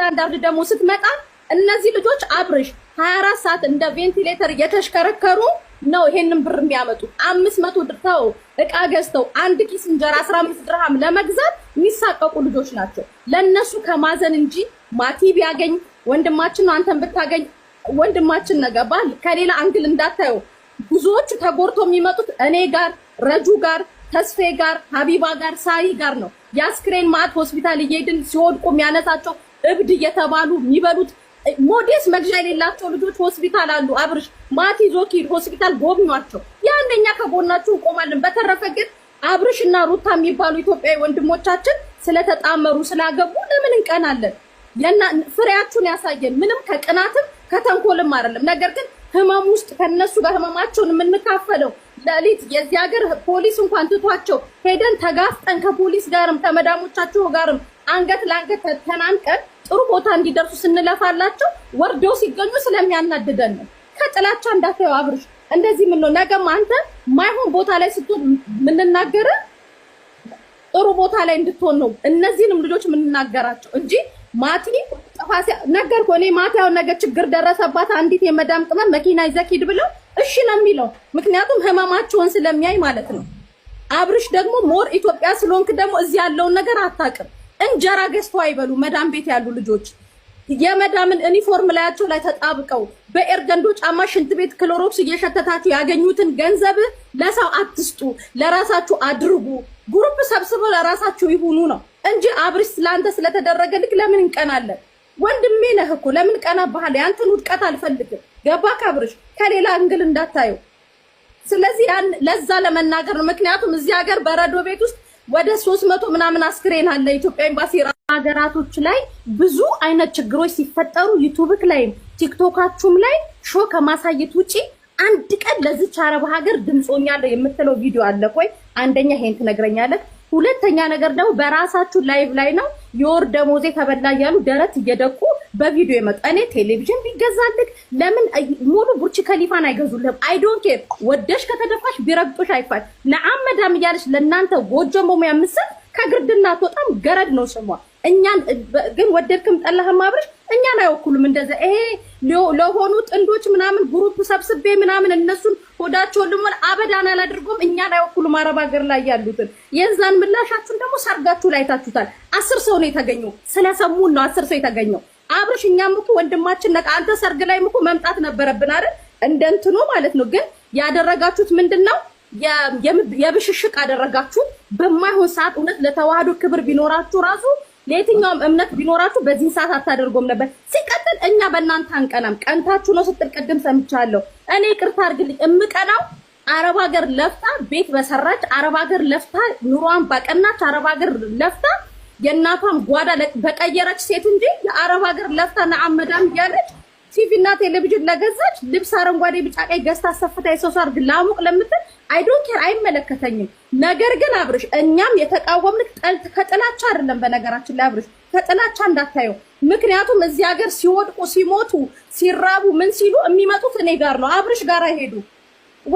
ስታንዳርድ ደግሞ ስትመጣ እነዚህ ልጆች አብርሽ ሀያ አራት ሰዓት እንደ ቬንቲሌተር እየተሽከረከሩ ነው ይሄንን ብር የሚያመጡ አምስት መቶ ድርተው እቃ ገዝተው አንድ ኪስ እንጀራ አስራ አምስት ድርሃም ለመግዛት የሚሳቀቁ ልጆች ናቸው። ለእነሱ ከማዘን እንጂ ማቲ ቢያገኝ ወንድማችን አንተን ብታገኝ ወንድማችን ነገ ከሌላ አንግል እንዳታየው። ብዙዎቹ ተጎርቶ የሚመጡት እኔ ጋር፣ ረጁ ጋር፣ ተስፌ ጋር፣ ሀቢባ ጋር፣ ሳይ ጋር ነው። የአስክሬን ማት ሆስፒታል እየሄድን ሲወድቁ የሚያነሳቸው እብድ እየተባሉ የሚበሉት ሞዴስ መግዣ የሌላቸው ልጆች ሆስፒታል አሉ። አብርሽ ማቲ ዞኪድ ሆስፒታል ጎብኟቸው። ያንደኛ ከጎናችሁ እንቆማለን። በተረፈ ግን አብርሽ እና ሩታ የሚባሉ ኢትዮጵያዊ ወንድሞቻችን ስለተጣመሩ ስላገቡ ለምን እንቀናለን? ለና ፍሬያችሁን ያሳየን። ምንም ከቅናትም ከተንኮልም አይደለም። ነገር ግን ህመም ውስጥ ከነሱ ጋር ህመማቸውን የምንካፈለው ለሊት የዚህ ሀገር ፖሊስ እንኳን ትቷቸው ሄደን ተጋፍጠን ከፖሊስ ጋርም ከመዳሞቻቸው ጋርም አንገት ለአንገት ተናንቀን ጥሩ ቦታ እንዲደርሱ ስንለፋላቸው ወርደው ሲገኙ ስለሚያናድደን ነው። ከጥላቻ እንዳታየው አብርሽ፣ እንደዚህ ምን ነው ነገም አንተ ማይሆን ቦታ ላይ ስትሆን የምንናገር ጥሩ ቦታ ላይ እንድትሆን ነው። እነዚህንም ልጆች የምንናገራቸው እንጂ ማቲ ጥፋት ነገር እኔ ማቲ ያው ነገ ችግር ደረሰባት አንዲት የመዳም ቅመም መኪና ይዘህ ሂድ ብለው እሺ ነው የሚለው፣ ምክንያቱም ህመማቸውን ስለሚያይ ማለት ነው። አብርሽ ደግሞ ሞር ኢትዮጵያ ስለሆንክ ደግሞ እዚህ ያለውን ነገር አታውቅም። እንጀራ ገዝቶ አይበሉ መዳም ቤት ያሉ ልጆች የመዳምን ዩኒፎርም ላያቸው ላይ ተጣብቀው በኤርገንዶ ጫማ ሽንት ቤት ክሎሮክስ እየሸተታችሁ ያገኙትን ገንዘብ ለሰው አትስጡ፣ ለራሳችሁ አድርጉ። ግሩፕ ሰብስበው ለራሳችሁ ይሁኑ ነው እንጂ አብሪስ ለአንተ ስለተደረገ ልክ ለምን እንቀናለን? ወንድሜ ነህ እኮ ለምን ቀና ባህል ያንተን ውድቀት አልፈልግም። ገባ ካብርሽ ከሌላ እንግል እንዳታየው። ስለዚህ ለዛ ለመናገር ነው። ምክንያቱም እዚህ ሀገር በረዶ ቤት ውስጥ ወደ ሶስት መቶ ምናምን አስክሬን አለ ኢትዮጵያ ኤምባሲ ሀገራቶች ላይ ብዙ አይነት ችግሮች ሲፈጠሩ ዩቱብክ ላይም ቲክቶካችሁም ላይ ሾ ከማሳየት ውጭ አንድ ቀን ለዚች አረብ ሀገር ድምፆኛለሁ የምትለው ቪዲዮ አለ ቆይ አንደኛ ይሄን ትነግረኛለህ ሁለተኛ ነገር ደግሞ በራሳችሁ ላይቭ ላይ ነው የወር ደሞዜ ተበላ እያሉ ደረት እየደቁ በቪዲዮ የመጣ እኔ ቴሌቪዥን ይገዛልክ። ለምን ሙሉ ቡርች ከሊፋን አይገዙልህም? አይ ዶንት ኬር። ወደሽ ከተደፋሽ ቢረግጦሽ አይፋል። ለአመዳም እያለች ለእናንተ ጎጆ መሙያ ምስል ከግርድና አትወጣም። ገረድ ነው ስሟ። እኛን ግን ወደድክም ጠላህም አብረሽ እኛን አይወኩሉም። እንደዚ ይሄ ለሆኑ ጥንዶች ምናምን ግሩፕ ሰብስቤ ምናምን እነሱን ሆዳቸውን ልሞል አበዳን አላድርጎም። እኛን አይወኩሉም። አረብ ሀገር ላይ ያሉትን የዛን ምላሻችሁን ደግሞ ሰርጋችሁ ላይ ታችሁታል። አስር ሰው ነው የተገኘው። ስለሰሙን ነው አስር ሰው የተገኘው። አብርሽ እኛም እኮ ወንድማችን ነቃ። አንተ ሰርግ ላይም እኮ መምጣት ነበረብን አይደል? እንደ ማለት ነው። ግን ያደረጋችሁት ምንድን ነው? የብሽሽቅ አደረጋችሁ በማይሆን ሰዓት። እውነት ለተዋህዶ ክብር ቢኖራችሁ ራሱ ለየትኛውም እምነት ቢኖራችሁ በዚህን ሰዓት አታደርጎም ነበር። ሲቀጥል እኛ በእናንተ አንቀናም። ቀንታችሁ ነው ስትል ቅድም ሰምቻለሁ። እኔ ቅርታ አድርግልኝ እምቀናው አረብ ሀገር ለፍታ ቤት በሰራች አረብ ሀገር ለፍታ ኑሯን ባቀናች አረብ ሀገር ለፍታ የእናቷም ጓዳ በቀየረች ሴት እንጂ የአረብ ሀገር ለፍታ አመዳም እያለች ቲቪ እና ቴሌቪዥን ለገዛች ልብስ አረንጓዴ፣ ቢጫ፣ ቀይ ገዝታ ሰፍታ የሰው ላሙቅ ለምትል አይዶን ኬር አይመለከተኝም። ነገር ግን አብርሽ እኛም የተቃወምንክ ከጥላቻ አይደለም። በነገራችን ላይ አብርሽ ከጥላቻ እንዳታየው። ምክንያቱም እዚህ ሀገር ሲወድቁ ሲሞቱ ሲራቡ ምን ሲሉ የሚመጡት እኔ ጋር ነው። አብርሽ ጋር አይሄዱ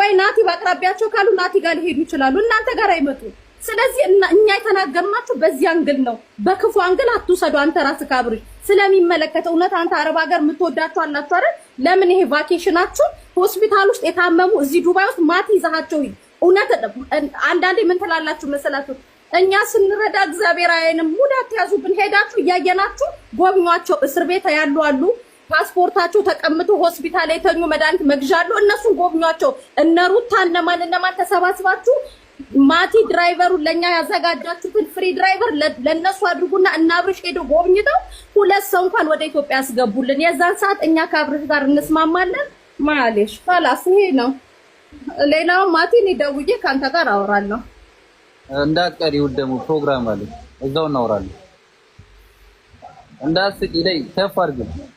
ወይ ናቲ በአቅራቢያቸው ካሉ ናቲ ጋር ሊሄዱ ይችላሉ። እናንተ ጋር አይመጡ ስለዚህ እኛ የተናገርናችሁ በዚህ አንግል ነው። በክፉ አንግል አትውሰዱ። አንተ ራስ ካብሪ ስለሚመለከተ እውነት አንተ አረብ ሀገር የምትወዳችሁ አላችሁ አይደል? ለምን ይሄ ቫኬሽናችሁ ሆስፒታል ውስጥ የታመሙ እዚህ ዱባይ ውስጥ ማት ይዛሃቸው። እውነት አንዳንዴ ምን ትላላችሁ መሰላችሁ? እኛ ስንረዳ እግዚአብሔር አይንም ሙድ አትያዙብን። ሄዳችሁ እያየናችሁ ጎብኟቸው። እስር ቤት ያሉ አሉ ፓስፖርታቸው ተቀምጦ ሆስፒታል የተኙ መድኃኒት መግዣ አሉ። እነሱን ጎብኟቸው። እነ ሩታ እነማን እነማን ተሰባስባችሁ ማቲ ድራይቨሩን ለእኛ ያዘጋጃችሁትን ፍሪ ድራይቨር ለእነሱ አድርጉና እና አብርሽ ሄዶ ጎብኝተው ሁለት ሰው እንኳን ወደ ኢትዮጵያ ያስገቡልን። የዛን ሰዓት እኛ ከአብርሽ ጋር እንስማማለን። ማሌሽ ፋላስ ይሄ ነው። ሌላው ማቲ እኔ ደውዬ ከአንተ ጋር አወራለሁ። እንዳትቀሪ ውድ ደግሞ ፕሮግራም አለ፣ እዛው እናወራለን። እንዳስቂ ላይ ከፍ አድርግም